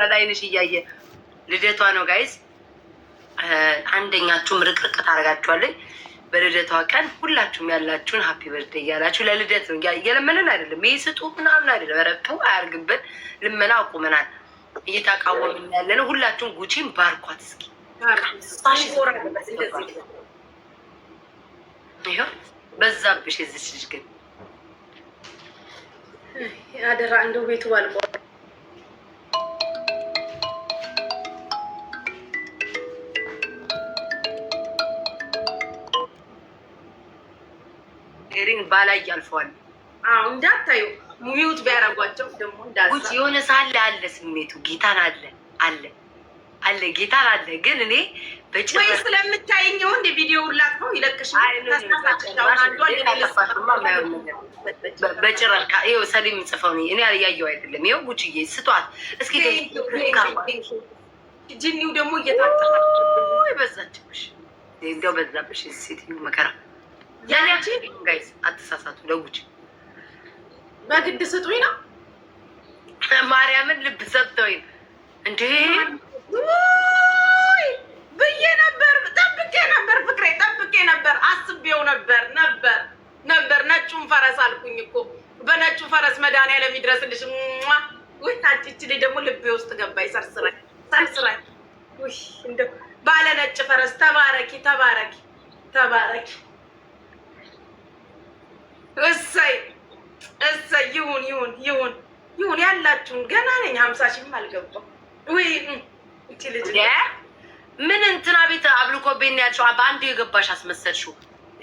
ይመስላል አይንሽ እያየ ልደቷ ነው ጋይዝ። አንደኛችሁም ርቅርቅ ታደርጋችኋለኝ። በልደቷ ቀን ሁላችሁም ያላችሁን ሀፒ በርዴ እያላችሁ ለልደት ነው እየለመንን አይደለም። ይህ ስጡ ምናምን አይደለም። ረቱ አያርግብን። ልመና አቁመናል። እየታቃወምን ያለ ነው። ሁላችሁም ጉቺን ባርኳት እስኪ በዛብሽ የዚች ልጅ ግን አደራ እንደው ቤቱ ባልቆ ግን ባላይ ያልፈዋል። እንዳታዩ ሙዩት ቢያረጓቸው ደግሞ እንዳዛ የሆነ ሳለ አለ ስሜቱ ጌታን አለ አለ አለ ጌታን አለ። ግን እኔ በጭወይ ስለምታይኝ ወንድ ቪዲዮ ላቅፈው ይለቅሻል። በጭራሽ ይኸው ሰሊም ጽፈው እኔ ያየው አይደለም። ይው ጉችዬ ስጧት እስኪ ጅኒው ደግሞ እየታጠ በዛችብሽ፣ እንደው በዛብሽ ሴትዮ መከራ ያንቺ ጋይስ አትሳሳቱ። ለውጭ በግድ ስጡኝ ነው ማርያምን ልብ ሰጥተውኝ እንዴ ብዬ ነበር። ጠብቄ ነበር ፍቅሬ፣ ጠብቄ ነበር፣ አስቤው ነበር ነበር ነበር። ነጩን ፈረስ አልኩኝ እኮ በነጩ ፈረስ መድኃኒዓለም ይድረስልሽ። ውይ ታጭች ደግሞ ልቤ ውስጥ ገባይ ሰርስራኝ ሰርስራኝ። ባለ ነጭ ፈረስ ተባረኪ፣ ተባረኪ፣ ተባረኪ። እሰይ እሰይ ይሁን ይሁን ይሁን ይሁን ያላችሁን ገና ነኝ ሀምሳ ሺህም አልገባም ወይ እቺ ልጅ ምን እንትና ቤት አብልኮ ቤት ያልሽው በአንዱ የገባሽ አስመሰልሽው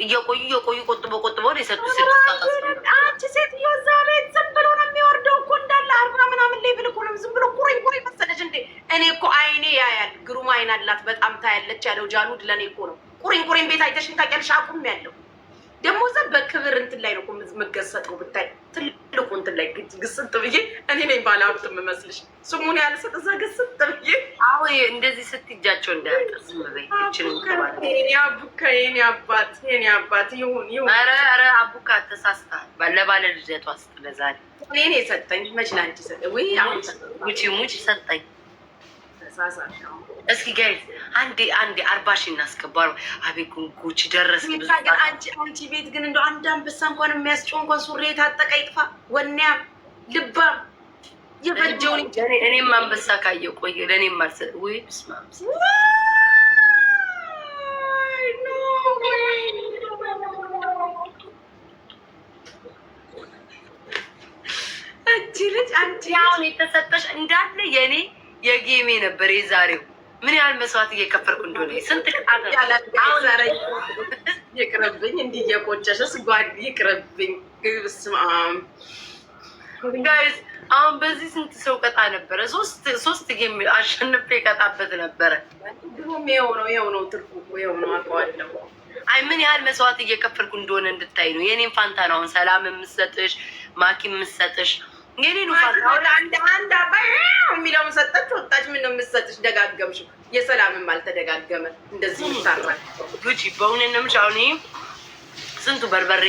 እየቆዩ እየቆዩ ቆጥቦ ቆጥቦ ነው የሰጡት አንቺ ሴትዮ እዛ ቤት ዝም ብሎ ነው የሚወርደው እኮ እንዳለ አርባ ምናምን ላይ ነው ዝም ብሎ መሰለሽ እንዴ እኔ እኮ አይኔ ያያል ግሩም አይን አላት በጣም ታያለች ያለው ጃኑድ ለእኔ እኮ ነው ቁሪን ቁሪን ቤት አይተሽን ታውቂያለሽ አቁም ያለው ደግሞ እዛ በክብር እንትን ላይ ነው የምገሰጠው። ብታይ ትልቁ እንትን ላይ ግስጥ ብዬ እኔ ነኝ ባለ ሀብት የምመስልሽ ስሙን ያልሰጥ እዛ ግስጥ ብዬ አሁ እንደዚህ ስትጃቸው እንዳያጠርስ አቡካ የኔ አባት የኔ አባት ይሁን ይሁን። ኧረ አቡካ ተሳስተሃል። ለባለ ልደቷ ስጥለዛል እኔ ሰጠኝ መችላንቺ ሰጠ ሙች ሙች ሰጠኝ ተሳሳ እስኪ ጋይዝ አንዴ አንዴ አርባ ሺ እናስገባው። አቤት ጉንጉች ደረስ። አንቺ ቤት ግን እንደ አንድ አንበሳ እንኳን የሚያስጮ እንኳን ሱሪ የታጠቀ ይጥፋ። ወኔያም ልባም የበጀውን እኔም አንበሳ ካየው ቆየ። ለእኔም ማርሰ ወይ አንቺ ልጅ አንቺ አሁን የተሰጠሽ እንዳለ የእኔ የጌሜ ነበር የዛሬው ምን ያህል መስዋዕት እየከፈልኩ እንደሆነ ስንት ይቅርብኝ፣ እንዲህ እየቆጨሸስ ጓድ ይቅረብኝ። ስማ ጋይዝ፣ አሁን በዚህ ስንት ሰው ቀጣ ነበረ። ሶስት ጌም አሸንፌ ቀጣበት ነበረ። ድሮም ይኸው ነው ይኸው ነው ትርፉ ይኸው ነው። አውቀዋለሁ። አይ ምን ያህል መስዋዕት እየከፈልኩ እንደሆነ እንድታይ ነው። የኔም ፋንታ ነው አሁን ሰላም የምሰጥሽ ማኪ የምሰጥሽ እንግዲህ አንድ አንድ አባ የሚለውን ሰጠች ወጣች። ምን ነው የምትሰጥሽ? ደጋገምሽ። የሰላምም አልተደጋገመ እንደዚህ ይታራል። ጉቺ በእውነት ነው የምልሽ። አሁን ስንቱ በርበሬ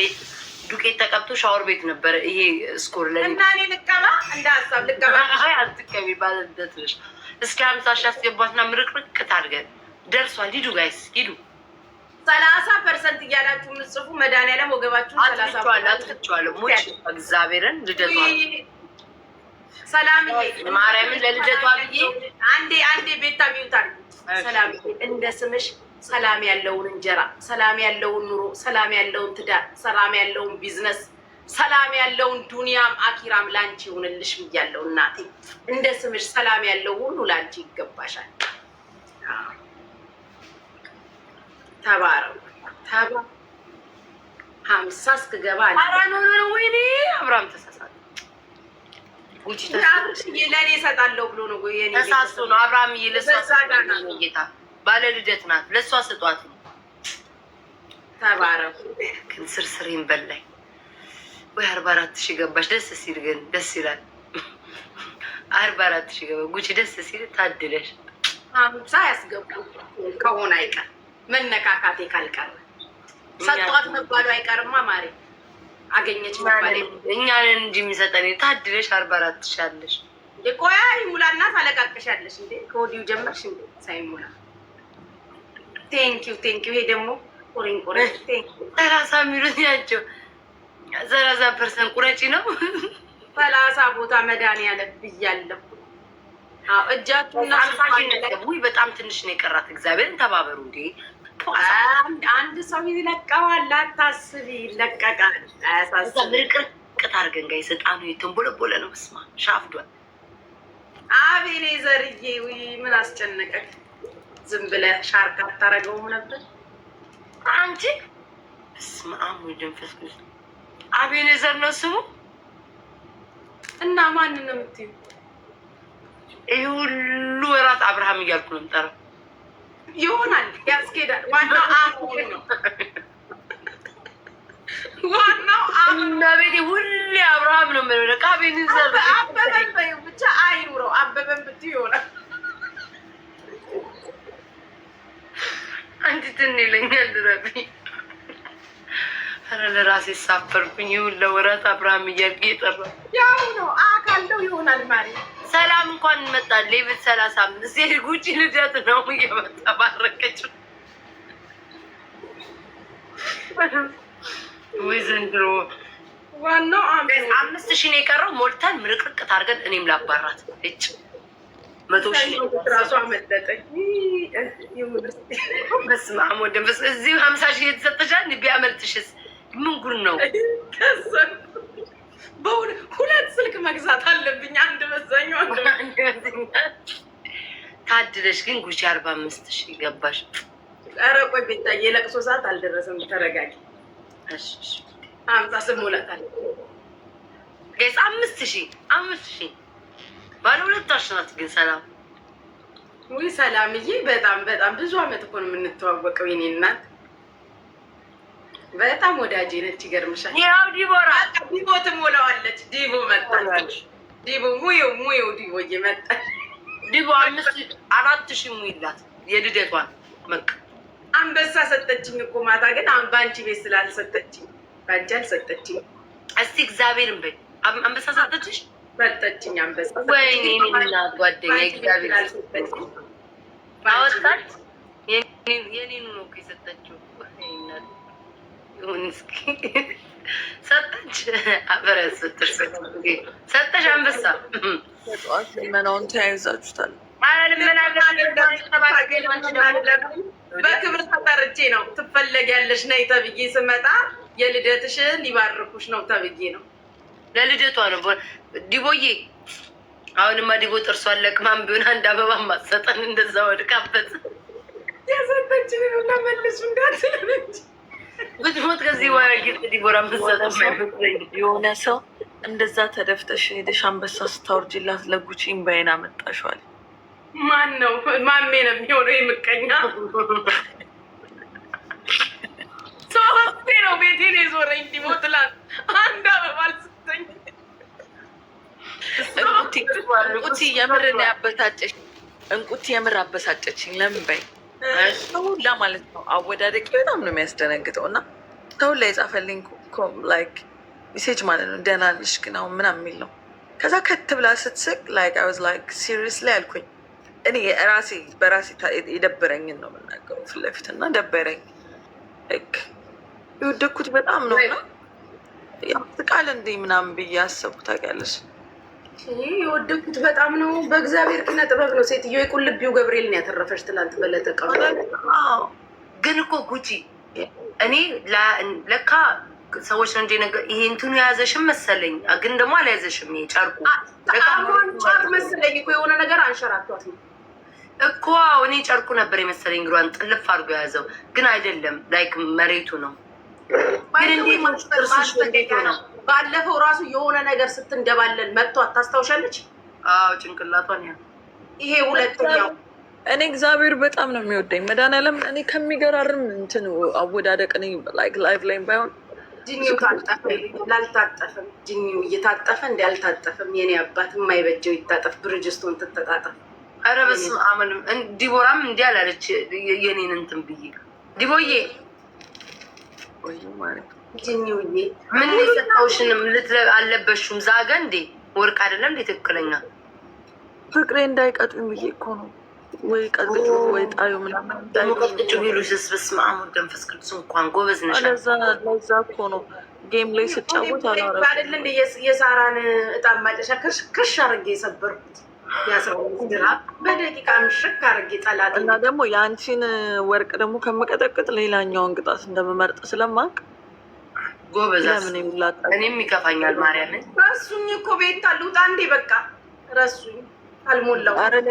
ዱቄት ተቀብቶ ሻወር ቤት ነበረ። ይሄ ስኮር ለ እና እኔ ልቀባ እንደ ሀሳብ ልቀባ አትቀቢ ባለበት ነሽ። እስኪ ሀምሳ ሺህ አስገቧትና ምርቅርቅ ታድርገን ደርሷል። ሂዱ ጋይስ ሂዱ። ሰላሳ ፐርሰንት እያላችሁ የምጽፉ መድኃኒዓለም ወገባችሁ ሰላሳ አጥፍቼዋለሁ። ሞች እግዚአብሔርን ልደቷል ሰላምዬ ማርያምን ለልደቷ ብዬ አንዴ አንዴ ቤታ ሚዩታል። ሰላምዬ እንደ ስምሽ ሰላም ያለውን እንጀራ፣ ሰላም ያለውን ኑሮ፣ ሰላም ያለውን ትዳር፣ ሰላም ያለውን ቢዝነስ፣ ሰላም ያለውን ዱንያም አኪራም ላንቺ ይሁንልሽ ብያለሁ እናቴ። እንደ ስምሽ ሰላም ያለው ሁሉ ላንቺ ይገባሻል። ተባረው ተባ ሀምሳ እስክገባ ወይኔ አብራም ለእኔ እሰጣለሁ ብሎ ነው እሳሱ ነው። አብርሃምዬ ለእሷ ባለ ልደት ናት። ለእሷ ስጧት ነው። ተባረኩ። ግን ስርስሬን በላኝ ወይ አርባ አራት ሺህ ገባች። ደስ ሲል ግን ደስ ይላል። አርባ አራት ሺህ ገባ ጉቺ ደስ ሲል ታድለሽ። አምሳ ያስገቡ ከሆነ አይቀር መነካካቴ ካልቀረ ሰጧት መባሉ አይቀርማ ማሬ አገኘች እኛን እንዲህ የሚሰጠን ታድለሽ አርባ አራት ሻለሽ ቆያ ሙላና ታለቃቀሻለሽ እንዴ ከወዲሁ ጀመርሽ እንዴ ሳይሙላ ቴንኪው ቴንኪው ይሄ ደግሞ ቁሪን ቁረጭ ሰላሳ የሚሉት ያቸው ሰላሳ ፐርሰንት ቁረጪ ነው ሰላሳ ቦታ መዳን ያለብያለሁ እጃችሁ በጣም ትንሽ ነው የቀራት እግዚአብሔርን ተባበሩ እንዴ አንድ ሰው ይለቀዋል፣ አታስቢ፣ ይለቀቃል። ምርቅርቅት አድርገን ጋይ ሰጣኑ የተንቦለቦለ ነው። ስማ ሻፍዷል። አቤኔ ዘርዬ ምን አስጨነቀ ዝም ብለህ ሻርክ አታረገውም ነበር አንቺ? ስማ አሙ ደንፈስ አቤኔ ዘር ነው ስሙ። እና ማንን ነው የምትይው? ይህ ሁሉ ወራት አብርሃም እያልኩ ነው የምጠራው ይሆናል፣ ያስኬዳል። ዋናው አሁን ነው። ዋናው እና ቤቴ ሁሌ አብርሃም ነው የምለው። በቃ አበበን ብቻ አይኑረው። አበበን ይሆናል። አንቺ ትን ይለኛል ረቢ ኧረ ለራሴ ሳፈርኩኝ። ይሁን ለወራት አብርሃም እያልኩ እየጠራሁ ያው ነው አካለው ይሆናል ሰላም እንኳን መጣ። ሌቭል ሰላሳ አምስት የጉጭ ልደት ነው እየመጣ ባረቀች ወይ ዘንድሮ ዋናው አምስት ሺህ ነው የቀረው። ሞልተን ምርቅርቅ ታርገን እኔም ላባራት እጭ መቶ ራሱ አመለጠኝ። በስመ አብ ወወልድ እዚህ ሀምሳ ሺህ የተሰጠሻል ቢያመልጥሽስ ምን ጉድ ነው? ሁለት ስልክ መግዛት አለብኝ። አንድ መዛኛ ታድለሽ ግን ጉቺ አርባ አምስት ሺ ገባሽ። ኧረ ቆይ ቤታዬ የለቅሶ ሰዓት አልደረሰም። ተረጋጊ። አምሳ ስሞላታል። አምስት ሺ አምስት ሺ ባለ ሁለት አሽናት ግን ሰላም ወይ ሰላምዬ፣ በጣም በጣም ብዙ አመት እኮ ነው የምንተዋወቀው የኔ እናት በጣም ወዳጄ ነች። ይገርምሻል። ያው ዲቦራ ዲቦ ትሞላዋለች። ዲቦ መጣች። ዲቦ ሙዩ ሙዩ ዲቦ እየመጣች ዲቦ አምስት አራት ሺ ሙይላት የልደቷን መቅ አንበሳ ሰጠችኝ እኮ ማታ፣ ግን በአንቺ ቤት ስላልሰጠችኝ በአንቺ አልሰጠችኝ። እስቲ እግዚአብሔርን በይ አንበሳ ሰጠችሽ? መጠችኝ አንበሳ። ወይኔ እናት ጓደኛ እግዚአብሔር አልሰጠችኝ። አወጣት የኔኑ ነው እኮ የሰጠችው ሰጠች አበረት ስትር ሰጠች አንበሳ ጠዋት ልመናውን ተያይዛችሁታል። በክብር ተጠርቼ ነው ትፈለጊያለሽ ነይ ተብዬ ስመጣ የልደትሽን ሊባርኩሽ ነው ተብዬ ነው። ለልደቷ ነው ዲቦዬ። አሁንማ ዲቦ ጥርሷን ለቅማም ቢሆን አንድ አበባ ማሰጠን እንደዛ ወድቃበት ያሰጠችን ብትሞት ከዚህ በኋላ ዲቦራ የሆነ ሰው እንደዛ ተደፍተሽ ሄደሽ አንበሳ ስታወርጅላት ለጉቺ እምባዬን ማን ነው ማሜ ነው የሚሆነው? የምቀኛ ሶስቴ ነው ቤቴን የዞረኝ ዲሞትላት አንድ አበባል ስተኝ እንቁቲ የምር ያበሳጨች እንቁቲ የምር አበሳጨችኝ። ለምን በይ ሁላ ማለት ነው። አወዳደቂ በጣም ነው የሚያስደነግጠው። እና ሰውን ላይ የጻፈልኝ ላይክ ሜሴጅ ማለት ነው ደህና ነሽ ግን አሁን ምናምን የሚል ነው። ከዛ ከት ብላ ስትስቅ ላይክ አይ ዋዝ ላይክ ሲሪየስ ላይ አልኩኝ። እኔ ራሴ በራሴ የደበረኝን ነው የምናገረው ፊት ለፊት እና ደበረኝ። የወደኩት በጣም ነው እና ያው እንዲህ ምናምን ብዬ አሰብኩ ታውቂያለሽ የወደኩት በጣም ነው። በእግዚአብሔር ኪነ ጥበብ ነው። ሴትዮ የቁልቢው ነው ያተረፈች ትላንት በለጠ ቀ ግን እኮ ጉቺ እኔ ለካ ሰዎች ነው እንደ ነገር ይሄ እንትኑ የያዘሽም መሰለኝ፣ ግን ደግሞ አልያዘሽም። ይሄ ጨርቁ ጨርቅ መሰለኝ እኮ የሆነ ነገር አንሸራቷት ነው እኮ እኔ ጨርቁ ነበር የመሰለኝ። እግሯን ጥልፍ አድርጎ የያዘው ግን አይደለም፣ ላይክ መሬቱ ነው። ግን እንዴ ነው ባለፈው ራሱ የሆነ ነገር ስትንገባለን መጥቶ አታስታውሻለች? አዎ ጭንቅላቷን ያ ይሄ ሁለተኛው እኔ እግዚአብሔር በጣም ነው የሚወደኝ መድኃኒዓለም። እኔ ከሚገራርም እንትን አወዳደቅ ነኝ። ላይክ ላይቭ ላይም ባይሆን ጅኒው ታጠፈ ላልታጠፈም ጅኒው እየታጠፈ እንደ አልታጠፈም የኔ አባት የማይበጀው ይታጠፍ፣ ብርጅስቶን ትተጣጠፍ። ኧረ በስመ አብ ዲቦራም እንዲ አላለች የኔን እንትን ብዬ ዲቦዬ ወይ ማለት ምን የሰጠውሽንም አለበሽም ዛገ እንዴ ወርቅ አይደለም እንዴ ትክክለኛ ፍቅሬ እንዳይቀጡኝ ብዬ እኮ ነው። ወይ ወይ ጣዩ ቢሉ ስስብስ ማሙድ መንፈስ ቅዱስ እንኳን ጎበዝ እኮ ነው ጌም ላይ ስጫወት የሳራን ማጨሻ አርጌ የሰበርኩት በደቂቃ ምሽክ አርጌ ጠላት እና ደግሞ የአንቺን ወርቅ ደግሞ ከመቀጠቅጥ ሌላኛውን ቅጣት እንደምመርጥ ስለማቅ ጎበዝ። እኔም ይከፋኛል ማርያምን። ረሱኝ እኮ ቤት አሉት። አንዴ በቃ ረሱኝ። አልሞላው አራት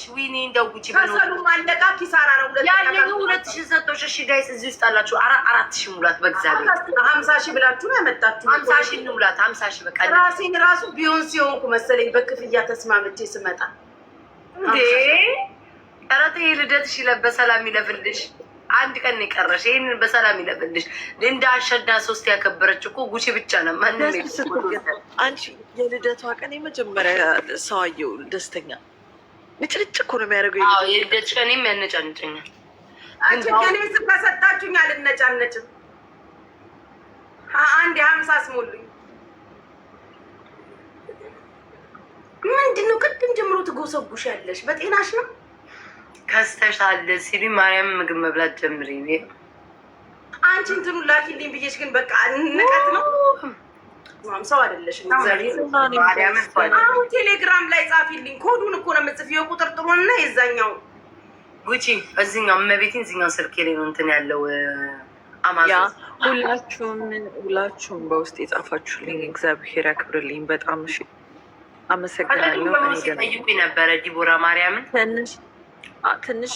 ሺ ዊኒ እንደው ጉቺ ከሰሉ ማለቃ ኪሳራ ነው። ያለኝ ሁለት ሺ ሰጦች። እሺ ጋይስ እዚህ ውስጥ አላችሁ። አራት ሺ ሙላት በእግዚአብሔር። ሀምሳ ሺ ብላችሁ ነው ያመጣችሁ። ሀምሳ እንሙላት። ሀምሳ በቃ ራሴን ራሱ መሰለኝ በክፍያ ተስማምቼ ስመጣ እንዴ! ልደትሽ ይለፍልሽ አንድ ቀን የቀረሽ ይህንን በሰላም ይለብልሽ። ልንዳ አሸዳ ሶስት ያከበረች እኮ ጉቺ ብቻ ነው። ማንም አንቺ የልደቷ ቀን የመጀመሪያ ሰዋየው ደስተኛ ንጭንጭ እኮ ነው የሚያደርገው። የልደች ቀኔም ያነጫንጨኛል። አንቺ ገኔ ስም ከሰጣችሁኝ አልነጫነጭም። አንድ የሀምሳ ስሞሉኝ ምንድነው? ቅድም ጀምሮ ትጎሰጉሽ ያለሽ በጤናሽ ነው ከስተሻለ ሲሉ ማርያም ምግብ መብላት ጀምሪ። አንቺ እንትኑ ላኪልኝ ብዬሽ ግን በቃ ንቀት ነው። ሰው አይደለሽ። አሁን ቴሌግራም ላይ ጻፊልኝ። ኮዱን እኮ ነው የምጽፊው የቁጥር ጥሩን እና የዛኛው ጉቺ እዚኛው እመቤቴን እዚኛው ስልክ ላይ ነው እንትን ያለው አማዞን ሁላችሁም ሁላችሁም በውስጥ የጻፋችሁልኝ እግዚአብሔር ያክብርልኝ። በጣም እሺ፣ አመሰግናለሁ። ጠይቁኝ ነበረ ዲቦራ ማርያምን ትንሽ ትንሽ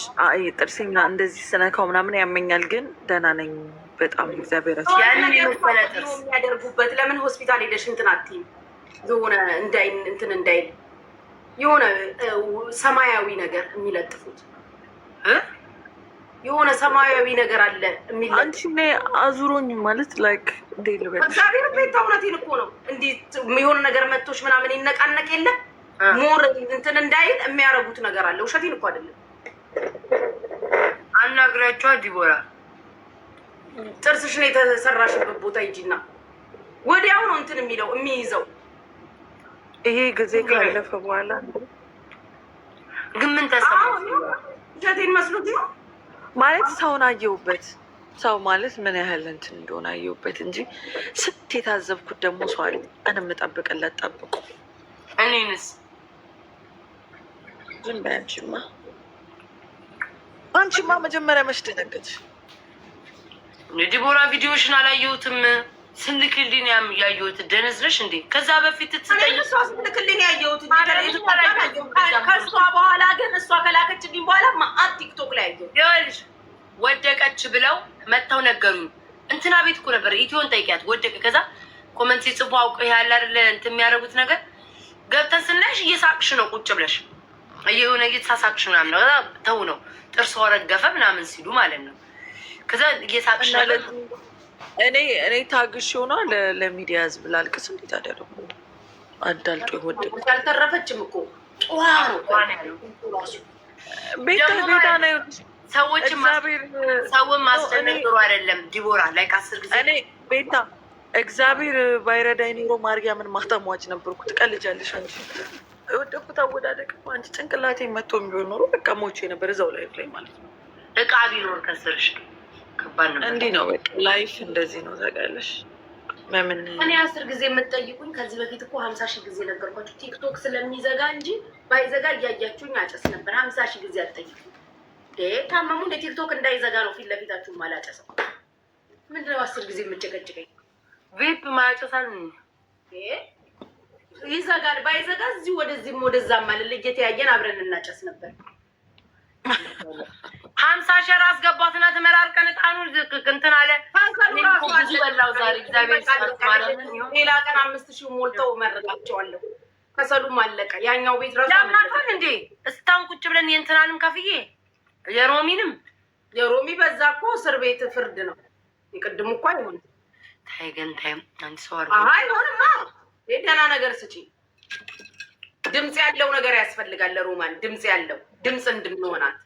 ጥርሴ እንደዚህ ስነካው ምናምን ያመኛል፣ ግን ደህና ነኝ። በጣም እግዚአብሔር የሚያደርጉበት ለምን ሆስፒታል ሄደሽ እንትን አትይም? የሆነ እንትን እንዳይል የሆነ ሰማያዊ ነገር የሚለጥፉት የሆነ ሰማያዊ ነገር አለ የሚለጥፉት። አንቺ አዙሮኝ ማለት ላይክ እንዴ ልበል፣ እግዚአብሔር ቤት እውነቴን እኮ ነው። እንዴት የሆነ ነገር መቶሽ ምናምን ይነቃነቅ የለም ሙር እንትን እንዳይል የሚያረጉት ነገር አለ። ውሸቴን እኮ አይደለም። አናግራቸዋ ዲቦራ ጥርስሽን የተሰራሽበት ቦታ ሂጂና ወዲያው ነው እንትን የሚለው የሚይዘው። ይሄ ጊዜ ካለፈ በኋላ ግን ምን ተሰማ? ውሸቴን መስሎት ነው ማለት ሰውን አየሁበት። ሰው ማለት ምን ያህል እንትን እንደሆነ አየሁበት እንጂ ስት የታዘብኩት ደግሞ ሰው አለ ቀን የምጠብቅለት ጠብቁ እኔንስ ዝም በይ አንቺማ አንቺማ መጀመሪያ መች ደነገጥሽ? የዲቦራ ቪዲዮሽን አላየሁትም። ስልክልኝ ያም ያየሁት ደነዝ እንዴ? ከዛ በፊት ትጠይቅ እሷ ያየሁት ከእሷ በኋላ ግን እሷ ከላከችልኝ በኋላ ማአት ቲክቶክ ላይ ያየሁት ወደቀች ብለው መጥተው ነገሩኝ። እንትና ቤት እኮ ነበር ኢትዮን ጠይቂያት ወደቀ። ከዛ ኮመንት ሲጽፉ አውቀ ያለ አይደለ እንትን የሚያደርጉት ነገር ገብተን ስናይሽ እየሳቅሽ ነው ቁጭ ብለሽ የሆነ እየተሳሳቅሽ ምናምን ነው። ተው ነው ጥርሷ ረገፈ ምናምን ሲሉ ማለት ነው። ከዛ እየሳቅሽ እኔ እኔ ታግሽ ሆኗ ለሚዲያ ህዝብ ላልቅስ እንዴት አደረጉ አዳልጦ ይወድ አልተረፈችም እኮ ጠዋ ነው ቤታ ቤታ ነው ሰዎችን ሰውን ማስጨነቅ ጥሩ አይደለም። ዲቦራ ላይ ከአስር ጊዜ እኔ ቤታ እግዚአብሔር ባይረዳኝ ኑሮ ማርያምን ማተሟች ነበርኩ። ትቀልጃለሽ አንቺ የወደኩት አወዳደቅ አንቺ ጭንቅላቴ መቶ የሚሆን ኖሮ በቃ ሞቼ ነበር እዛው ላይ ላይ ማለት ነው። እቃ ቢኖር ከስርሽ ከባድ ነው። እንዲህ ነው በቃ ላይፍ እንደዚህ ነው ታውቃለሽ። መምን እኔ አስር ጊዜ የምትጠይቁኝ ከዚህ በፊት እኮ ሀምሳ ሺህ ጊዜ ነገርኳችሁ። ቲክቶክ ስለሚዘጋ እንጂ ባይዘጋ እያያችሁኝ አጨስ ነበር። ሀምሳ ሺህ ጊዜ አትጠይቁኝ። ታመሙ እንደ ቲክቶክ እንዳይዘጋ ነው ፊት ለፊታችሁ ማላጨሰው። ምንድነው አስር ጊዜ የምጨቀጭቀኝ? ቬፕ ማያጨሳል ይዘጋል ባይዘጋ እዚህ ወደዚህም ወደዛም አለ እየተያየን አብረን እናጨስ ነበር። ሀምሳ ሸር አስገባትና ትመራርቀን ዕጣኑን እንትን አለ ብዙ በላው ዛሬ እግዚአብሔር ሌላ ቀን አምስት ሺህ ሞልተው እመርቃቸዋለሁ። ከሰሉም አለቀ። ያኛው ቤት ረሱ ያምናቷል እንዴ እስታን ቁጭ ብለን የእንትናንም ከፍዬ የሮሚንም የሮሚ በዛ እኮ እስር ቤት ፍርድ ነው። የቅድሙ እኳ አይሆንም። ታይ ግን ታይ አንድ ሰው አይሆንማ ደህና ነገር ስጪ። ድምፅ ያለው ነገር ያስፈልጋል። ለሮማን ድምፅ ያለው ድምፅ እንድንሆናት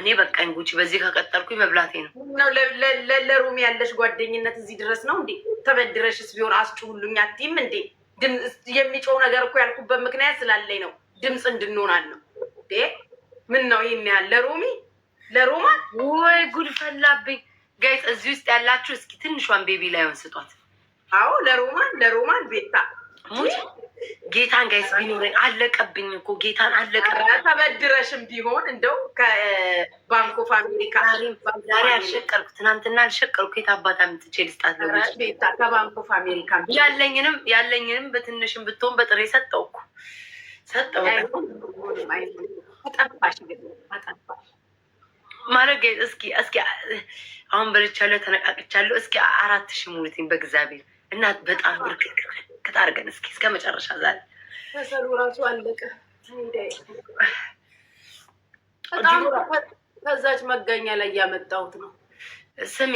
እኔ በቃኝ። ጉቺ በዚህ ከቀጠልኩኝ መብላቴ ነው ነው ለሮሚ ያለሽ ጓደኝነት እዚህ ድረስ ነው እንዴ? ተበድረሽስ ቢሆን ሁሉኛ አትይም እንዴ? የሚጮው ነገር እኮ ያልኩበት ምክንያት ስላለኝ ነው። ድምፅ እንድንሆናል ነው። ምን ነው ይህን ያህል ለሮሚ ለሮማን? ወይ ጉድ ፈላብኝ ጋይስ። እዚህ ውስጥ ያላችሁ እስኪ ትንሿን ቤቢ ላይሆን ስጧት። አዎ ለሮማን ለሮማን ቤታ ጌታን ጋይስ ቢኖረኝ አለቀብኝ እኮ ጌታን አለቀብኝ። ተበድረሽም ቢሆን እንደው ከባንክ ኦፍ አሜሪካ ዛሬ አልሸቀልኩ፣ ትናንትና አልሸቀልኩ። የት አባት ምትቼ ልስጣት? ቤታ ከባንክ ኦፍ አሜሪካ ያለኝንም ያለኝንም በትንሽም ብትሆን በጥሬ ሰጠውኩ ሰጠው ማለት እስኪ እስኪ አሁን በልቻለሁ፣ ተነቃቅቻለሁ። እስኪ አራት ሺህ ሙሉትኝ በእግዚአብሔር እና በጣም ብርክክ ከታርገን እስኪ እስከ መጨረሻ ዛሬ ከሰሉ ራሱ አለቀ። በጣም ከዛች መጋኛ ላይ ያመጣሁት ነው። ስሚ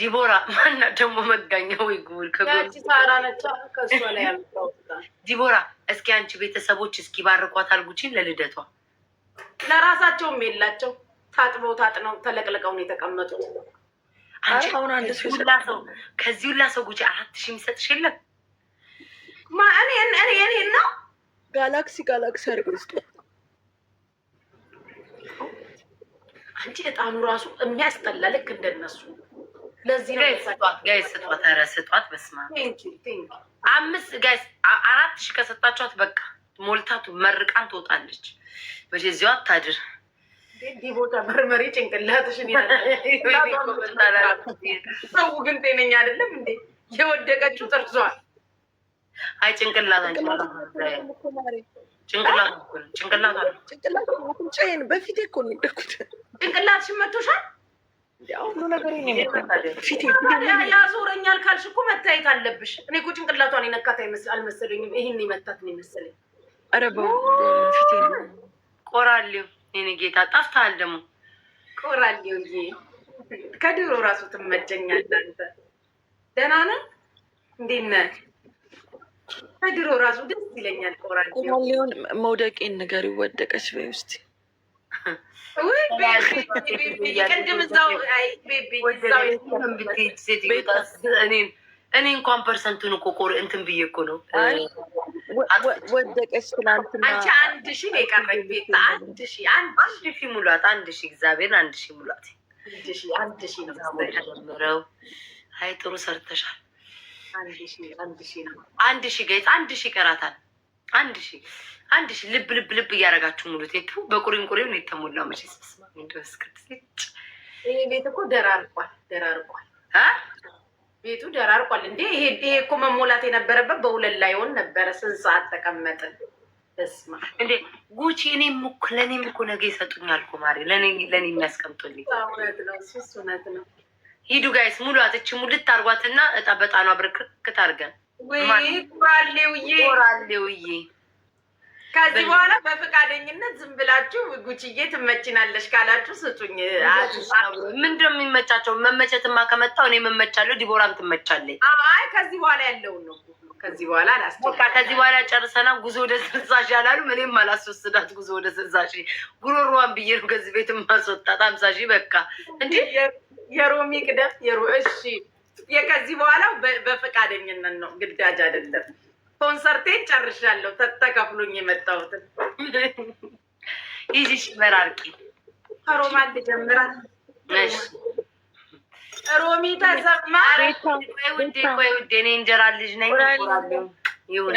ዲቦራ ማና ደግሞ መጋኛ ወይ ጉል ነቻ ላይ ዲቦራ፣ እስኪ አንቺ ቤተሰቦች እስኪ ባርኳት አልጉችን ለልደቷ ለራሳቸውም የላቸው ታጥበው ታጥነው ተለቅለቀውን የተቀመጡት ከዚህ ሁላ ሰው ጉጂ አራት ሺህ የሚሰጥሽ የለም። እኔ ነው ጋላክሲ ጋላክሲ አድርገው ይስጡ። አንቺ እጣኑ ራሱ የሚያስጠላ ልክ እንደነሱ። ለዚህ ነው ጋይ ስጧት፣ ኧረ ስጧት። በስመ አብ አምስት ጋይ አራት ሺህ ከሰጣችኋት በቃ ሞልታቱ መርቃን ትወጣለች። በዚህ እዚያው አታድር ቦታ ጭንቅላትሽን ሰው ግን ጤነኛ አይደለም እንዴ? የወደቀችው ጥርሷል። አይ ጭንቅላት ጭንቅላት በፊቴ እኮ ነው የወደኩት። ጭንቅላትሽን መቶሻል። ሁሉ ነገር ያዞረኛል ካልሽ እኮ መታየት አለብሽ። እኔ እኮ ጭንቅላቷን የነካት አልመሰለኝም። ይህን የመታት ነው የመሰለኝ። ኧረ በፊቴ ቆራሌው የእኔ ጌታ ጠፍተሃል። ደግሞ ቆራሌው ከድሮ ራሱ ትመቸኛለህ አንተ። ደህና ነህ? እንዴት ነህ? ከድሮ ራሱ ደስ ይለኛል። ቆራሌውን መውደቄን ነገር ይወደቀች በይ ውስጥ ቅድም እዛው እኔ እንኳን ፐርሰንቱን እኮ እንትን ብዬ እኮ ነው ወደቀች ትናንትና። አንቺ አንድ ሺ ነው የቀረኝ ቤታ፣ አንድ ሺ አንድ ሺ ሙሏት፣ አንድ ሺ እግዚአብሔር አንድ ሺ ሙሏት። አንድ ሺ ነው አይ ጥሩ ሰርተሻል። አንድ ሺ ጋይት፣ አንድ ሺ ይቀራታል። አንድ ሺ አንድ ሺ ልብ ልብ ልብ እያደረጋችሁ ሙሉት። ቴቱ በቁሪንቁሪም ነው የተሞላው። መቼ ስብስማ ይህ ቤት እኮ ደራርቋል፣ ደራርቋል ቤቱ ደራርቋል እንዴ! ይሄ ይሄ እኮ መሞላት የነበረበት በሁለት ላይ ሆን ነበረ። ስንት ሰዓት ተቀመጥን? ስማ እንዴ ጉቺ፣ እኔም እኮ ለእኔም እኮ ነገ ይሰጡኛል እኮ ማሪ፣ ለእኔ የሚያስቀምጡልኝ እውነት ነው። ሂዱ ጋይስ ሙሉ አትች ሙልት አርጓትና እጣ በጣኗ ብርክክት አርገን ወይ ራሌውዬ ራሌውዬ ከዚህ በኋላ በፈቃደኝነት ዝም ብላችሁ ጉችዬ ትመችናለሽ ካላችሁ ስጡኝ። ምን እንደሚመቻቸው መመቸትማ ከመጣው እኔ መመቻለሁ፣ ዲቦራም ትመቻለኝ። አይ ከዚህ በኋላ ያለውን ነው። ከዚህ በኋላ ላስቦካ ከዚህ በኋላ ጨርሰና ጉዞ ወደ ስልሳሽ ያላሉ እኔም አላስወስዳት ጉዞ ወደ ስልሳሽ ጉሮሯን ብዬ ነው ከዚህ ቤት ማስወጣት። አምሳ ሺህ በቃ እንዲ የሮሚ ቅደም የሮ እሺ። የከዚህ በኋላ በፈቃደኝነት ነው ግዳጅ አይደለም። ኮንሰርቴን ጨርሻለሁ። ተከፍሎኝ የመጣሁትን ይዚሽ መራርቂ ከሮማን ልጀምራል። ሮሚ ተሰማ ቆይ ውዴ፣ ቆይ ውዴ፣ እኔ እንጀራ ልጅ ነኝ። ይሁን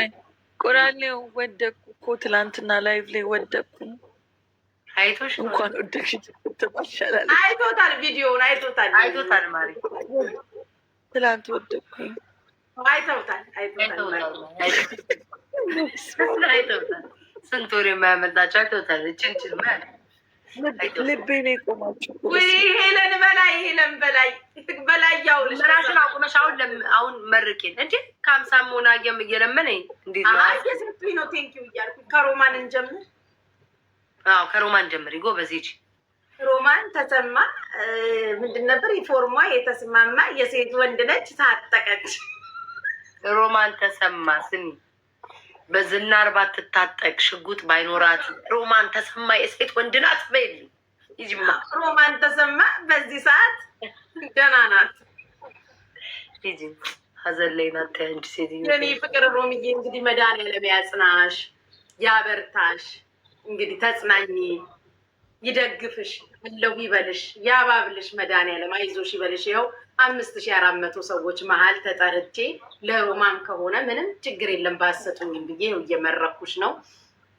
ቆራሌው ወደቅኩ እኮ ትላንትና ላይቭ ላይ ወደቅኩ። አይቶሽ እንኳን ወደቅሽ ትባሻላለች። አይቶታል፣ ቪዲዮውን አይቶታል፣ አይቶታል። ማሪ ትላንት ወደቅኩ። አይተውታል አይተውታል። ስንት ወሬ የማያመልጣቸው አይተውታል። ችንችል ልቤን የቆማቸው ይሄ ለን በላይ ይሄ በላይ በላይ ያውልሽ ራስን አቁመሽ አሁን አሁን መርቄን እንዴ ከሀምሳ መሆን አየም እየለመነኝ እንዴት ነው የሰጡኝ ነው ቴንኪው እያልኩ ከሮማን እንጀምር። አዎ ከሮማን ጀምሪ ጎበዝ ሂጂ። ሮማን ተሰማ ምንድን ነበር ኢንፎርሟ የተስማማ የሴት ወንድ ነች ታጠቀች። ሮማን ተሰማ ስሚ፣ በዝናር ባትታጠቅ ሽጉጥ ባይኖራት ሮማን ተሰማ የሴት ወንድ ናት በል ይጅማ። ሮማን ተሰማ በዚህ ሰዓት ደህና ናት። ይጂ ሀዘን ላይ ናት። አንቺ ሴት እኔ ፍቅር ሮምዬ፣ እንግዲህ መድኃኒዓለም ያጽናሽ፣ ያበርታሽ። እንግዲህ ተጽናኝ፣ ይደግፍሽ፣ አለሁ ይበልሽ፣ ያባብልሽ። መድኃኒዓለም አይዞሽ ይበልሽ። ይኸው አምስት ሺ አራት መቶ ሰዎች መሀል ተጠርቼ ለሮማን ከሆነ ምንም ችግር የለም ባሰጡኝም ብዬ ው እየመረኩሽ ነው።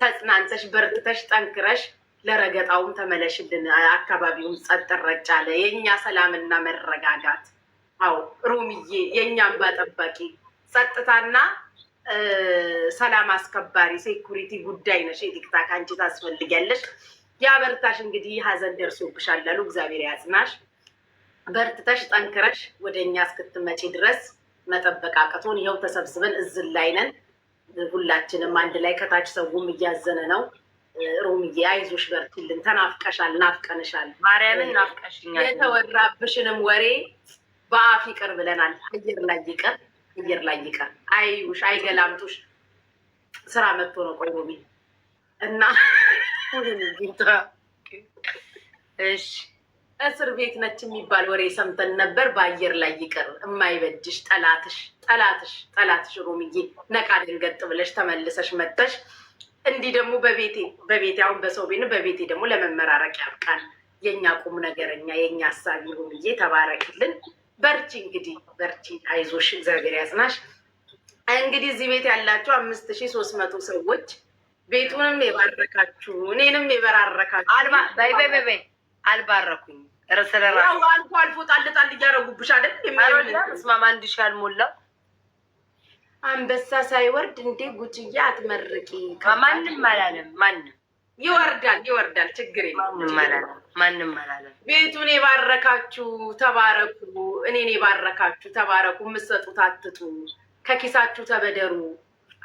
ተጽናንተሽ በርትተሽ ጠንክረሽ ለረገጣውም ተመለሽልን። አካባቢውም ጸጥ ረጭ አለ። የእኛ ሰላምና መረጋጋት አው ሩምዬ፣ የእኛ እንባ ጠባቂ ጸጥታና ሰላም አስከባሪ ሴኩሪቲ ጉዳይ ነሽ። የቲክታክ አንቺ ታስፈልጊያለሽ። የአበርታሽ እንግዲህ ሀዘን ደርሶብሻል አሉ። እግዚአብሔር ያጽናሽ። በርትተሽ ጠንክረሽ ወደ እኛ እስክትመጪ ድረስ መጠበቅ አቅቶን ይኸው ተሰብስበን እዝን ላይ ነን። ሁላችንም አንድ ላይ ከታች ሰውም እያዘነ ነው። ሮምዬ አይዞሽ በርትልን። ተናፍቀሻል፣ ናፍቀንሻል። ማርያምን ናፍቀሽኛል። የተወራብሽንም ወሬ በአፍ ይቅር ብለናል። አየር ላይ ይቅር፣ አየር ላይ ይቅር። አይዩሽ፣ አይገላምጡሽ። ስራ መጥቶ ነው። ቆይ ሮሚ እና እሺ እስር ቤት ነች የሚባል ወሬ ሰምተን ነበር። በአየር ላይ ይቅር የማይበጅሽ ጠላትሽ ጠላትሽ ጠላትሽ ሮምዬ ነቃ ድንገጥ ብለሽ ተመልሰሽ መጠሽ እንዲህ ደግሞ በቤቴ በቤቴ አሁን በሰው ቤን በቤቴ ደግሞ ለመመራረቅ ያብቃል። የእኛ ቁም ነገረኛ የእኛ አሳቢ ሮምዬ ተባረክልን። በርቺ እንግዲህ በርቺ፣ አይዞሽ፣ እግዚአብሔር ያጽናሽ። እንግዲህ እዚህ ቤት ያላችሁ አምስት ሺ ሶስት መቶ ሰዎች ቤቱንም የባረካችሁ እኔንም የበራረካችሁ አልባረኩኝ። ስለራሱ አልፎ አልፎ ጣል ጣል እያደረጉብሽ አይደል? ስማማ አንድ ሺህ አልሞላ አንበሳ ሳይወርድ እንዴ ጉጭዬ አትመርቂ። ማንም አላለም። ማንም ይወርዳል፣ ይወርዳል። ችግር ማንም አላለም። ቤቱን የባረካችሁ ተባረኩ። እኔን የባረካችሁ ተባረኩ። የምትሰጡት አትጡ፣ ከኪሳችሁ ተበደሩ።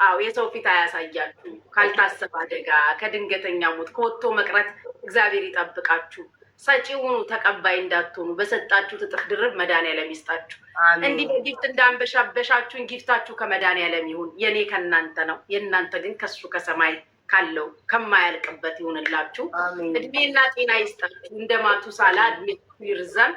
አዎ የሰው ፊት አያሳያችሁ። ካልታሰብ አደጋ፣ ከድንገተኛ ሞት፣ ከወጥቶ መቅረት እግዚአብሔር ይጠብቃችሁ። ሰጪ ተቀባይ እንዳትሆኑ። በሰጣችሁ እጥፍ ድርብ መድኃኒዓለም ይስጣችሁ። እንዲህ በጊፍት እንዳንበሻበሻችሁን ጊፍታችሁ ከመድኃኒዓለም ይሁን። የኔ ከእናንተ ነው፣ የእናንተ ግን ከሱ ከሰማይ ካለው ከማያልቅበት ይሁንላችሁ። እድሜና ጤና ይስጣችሁ። እንደ ማቱሳላ እድሜ ይርዘም።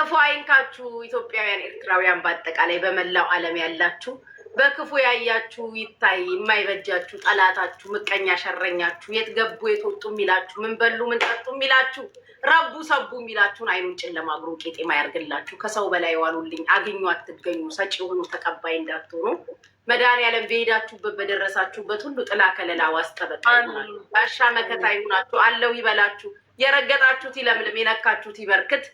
ክፉ አይንካችሁ። ኢትዮጵያውያን፣ ኤርትራውያን፣ በአጠቃላይ በመላው ዓለም ያላችሁ በክፉ ያያችሁ ይታይ የማይበጃችሁ ጠላታችሁ፣ ምቀኛ ሸረኛችሁ፣ የት ገቡ የት ወጡ የሚላችሁ፣ ምን በሉ ምን ጠጡ የሚላችሁ፣ ረቡ ሰቡ የሚላችሁን አይኑን ጨለማ አግሮ ቄጤማ ያርግላችሁ። ከሰው በላይ ዋሉልኝ፣ አግኙ አትገኙ፣ ሰጪ ሆኑ ተቀባይ እንዳትሆኑ መድኃኒዓለም በሄዳችሁበት በደረሳችሁበት ሁሉ ጥላ ከለላ ዋስ ጠበቃ ጋሻ መከታ ይሁናችሁ። አለው ይበላችሁ፣ የረገጣችሁት ይለምልም፣ የነካችሁት ይበርክት፣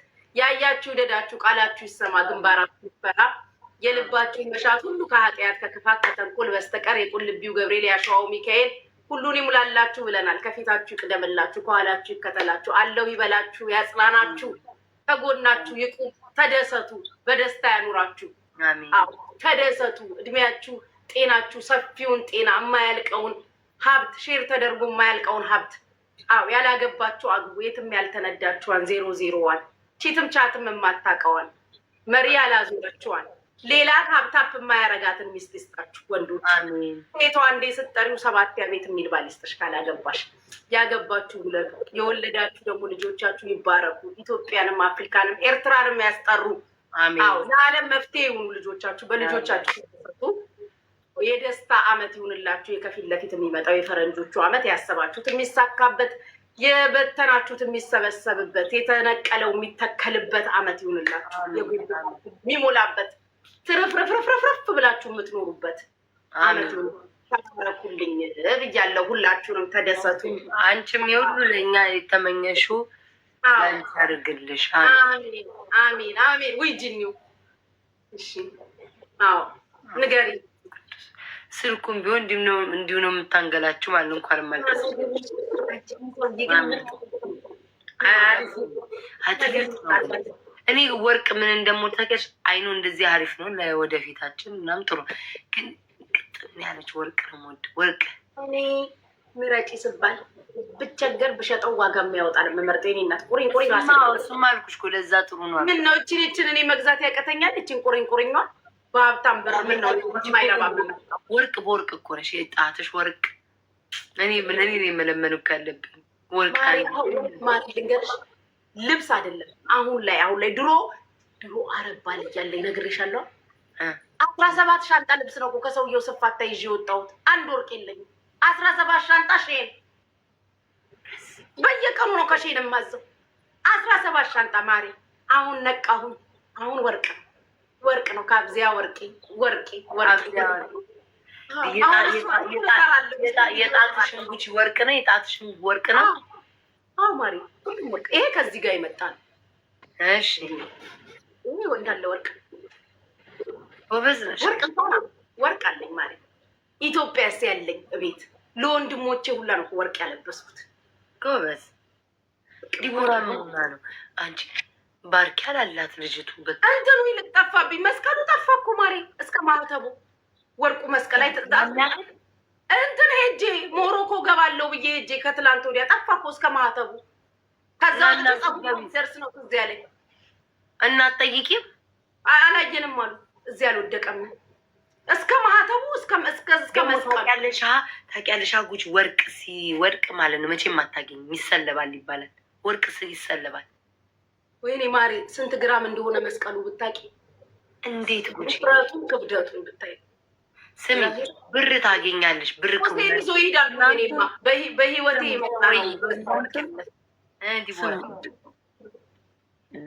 ያያችሁ ይደዳችሁ፣ ቃላችሁ ይሰማ፣ ግንባራችሁ ይፈራ። የልባችሁን መሻት ሁሉ ከኃጢአት ከክፋት ከተንኮል በስተቀር የቁልቢው ገብርኤል ያሸዋው ሚካኤል ሁሉን ይሙላላችሁ ብለናል። ከፊታችሁ ይቅደምላችሁ፣ ከኋላችሁ ይከተላችሁ፣ አለው ይበላችሁ፣ ያጽናናችሁ፣ ከጎናችሁ ይቁም፣ ተደሰቱ፣ በደስታ ያኑራችሁ፣ ተደሰቱ። እድሜያችሁ፣ ጤናችሁ፣ ሰፊውን ጤና፣ የማያልቀውን ሀብት፣ ሼር ተደርጎ የማያልቀውን ሀብት። አዎ ያላገባችሁ አግቡ፣ የትም ያልተነዳችኋን ዜሮ ዜሮዋን ቺትም ቻትም የማታቀዋል፣ መሪ ያላዞረችዋል ሌላ ታፕታፕ የማያረጋትን ሚስት ይስጣችሁ ወንዱ ሴቷ አንዴ ስጠሪው ሰባት ቤት የሚል ባል ይስጥሽ ካላገባሽ። ያገባችሁ ውለዱ፣ የወለዳችሁ ደግሞ ልጆቻችሁ ይባረኩ። ኢትዮጵያንም አፍሪካንም ኤርትራንም ያስጠሩ። ለዓለም መፍትሄ የሆኑ ልጆቻችሁ በልጆቻችሁ የደስታ አመት ይሁንላችሁ። የከፊት ለፊት የሚመጣው የፈረንጆቹ አመት ያሰባችሁት የሚሳካበት የበተናችሁት የሚሰበሰብበት የተነቀለው የሚተከልበት አመት ይሁንላችሁ። የሚሞላበት ትረፍረፍረፍረፍ ብላችሁ የምትኖሩበት አመት ተባረኩልኝ ብያለሁ። ሁላችሁንም ተደሰቱ። አንቺም የሁሉ ለእኛ የተመኘሹ ለአንቺ አሜን አሜን። ወይ ጅኒው እሺ። አዎ ንገሪ ስልኩም ቢሆን እንዲሁ ነው የምታንገላችሁ። ማለት እንኳን መልቀስ አትገልጽ እኔ ወርቅ ምን እንደምወድ ታውቂያለሽ? አይኑ እንደዚህ አሪፍ ነው ለወደፊታችን ምናምን ጥሩ ግን ቅጥም ያለች ወርቅ ነው የምወድ። ወርቅ እኔ ምረጪ ስባል ብቸገር ብሸጠው ዋጋ የሚያወጣ ነው የምመርጠው። የእኔ እናት ቁሪኝ ቁሪኝ እሱማ አልኩሽ እኮ ለዛ ጥሩ ነው። ምን ነው እችን እችን እኔ መግዛት ያቀተኛል። እችን ቁሪኝ ቁሪኝ ነው በሀብታም ብር ምን ነው ማይረባ ወርቅ በወርቅ እኮ ነሽ የጣትሽ ወርቅ። እኔ ምን እኔ የመለመኑ ካለብኝ ወርቅ ማ ልንገርሽ ልብስ አይደለም። አሁን ላይ አሁን ላይ ድሮ ድሮ አረባ ልጅ ያለ ይነግርሻለሁ። አስራ ሰባት ሻንጣ ልብስ ነው ከሰውየው ስፋታ ይዤ የወጣሁት። አንድ ወርቅ የለኝም። አስራ ሰባት ሻንጣ ሼን በየቀኑ ነው ከሼን የማዘው። አስራ ሰባት ሻንጣ ማሬ። አሁን ነቃሁን። አሁን ወርቅ ወርቅ ነው ካብዚያ ወርቄ ወርቄ ወርቅ የጣትሽን ወርቅ ነው። የጣትሽን ወርቅ ነው። አዎ ማሪ፣ ሁሉም ወርቅ ይሄ ከዚህ ጋር ይመጣል። እሺ ይሄ እንዳለ ወርቅ ጎበዝ ነሽ። ወርቅ ወርቅ አለኝ ማሪ። ኢትዮጵያ ስ ያለኝ እቤት ለወንድሞቼ ሁላ ነው ወርቅ ያለበስኩት። ጎበዝ ዲቦራ ምና ነው አንቺ ባርኪ ያላላት ልጅቱ እንትኑ ይልቅ ጠፋብኝ። መስቀሉ ጠፋ እኮ ማሪ፣ እስከ ማህተቡ ወርቁ መስቀል ላይ እንትን ሄጄ ሞሮኮ ገባለው ብዬ ሄጄ ከትላንት ወዲያ ጠፋ እኮ እስከ ማህተቡ። ከዛ ዘርስ ነው እዚያ ላይ እና እናትጠይቂም አላየንም አሉ። እዚ አልወደቀም እስከ ማህተቡ እስከ እስከ መስቀል ታውቂያለሽ። ጉች ወርቅ ሲወድቅ ማለት ነው መቼም አታገኝም። ይሰለባል ይባላል። ወርቅ ይሰለባል። ወይኔ ማሬ ስንት ግራም እንደሆነ መስቀሉ ብታቂ እንዴት ጉጭ ክብደቱን ብታይ ስም ብር ታገኛለሽ። ብር ይዞ በህይወቴ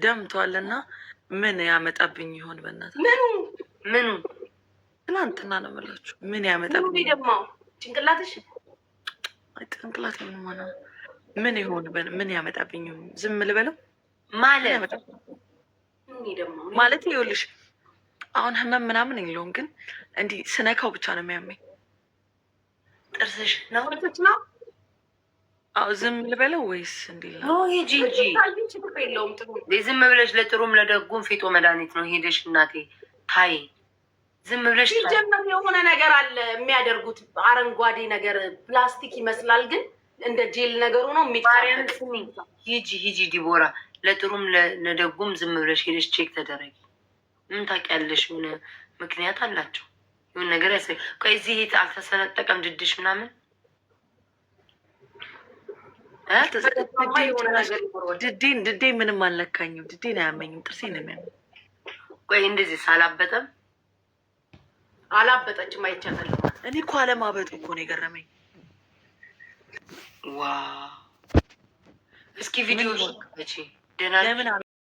ደምቷልና ምን ያመጣብኝ ይሆን? በእናት ምኑ ምኑ ትናንትና ነው የምላችሁ። ምን ያመጣብኝ ደማው ጭንቅላትሽ ጭንቅላት ሆነ። ምን ይሆን? ምን ያመጣብኝ ዝም ልበለው ማለት ማለት ይኸውልሽ አሁን ህመም ምናምን የለውም፣ ግን እንዲህ ስነካው ብቻ ነው የሚያመኝ። ጥርስሽ ነውርቶች ነው። አዎ ዝም ልበለው ወይስ እንዲ? ዝም ብለሽ ለጥሩም ለደጉም ፊጦ መድኃኒት ነው። ሄደሽ እናቴ ታይ ዝም ብለሽ ጀመር የሆነ ነገር አለ የሚያደርጉት አረንጓዴ ነገር ፕላስቲክ ይመስላል፣ ግን እንደ ጄል ነገሩ ነው የሚጣሪያን። ሂጂ ሂጂ ዲቦራ፣ ለጥሩም ለደጉም ዝም ብለሽ ሄደሽ ቼክ ተደረጊ። ምን ታውቂያለሽ? የሆነ ምክንያት አላቸው። የሆነ ነገር ያስ ከዚህ አልተሰነጠቀም ድድሽ ምናምን ድዴን ድዴ ምንም አልነካኝም። ድዴን አያመኝም። ጥርሴ ነው የሚያመኝ። ቆይ እንደዚህ ሳላበጠም አላበጠችም አይቻታል። እኔ እኮ አለማበጡ እኮ ነው የገረመኝ። ዋ እስኪ ቪዲዮ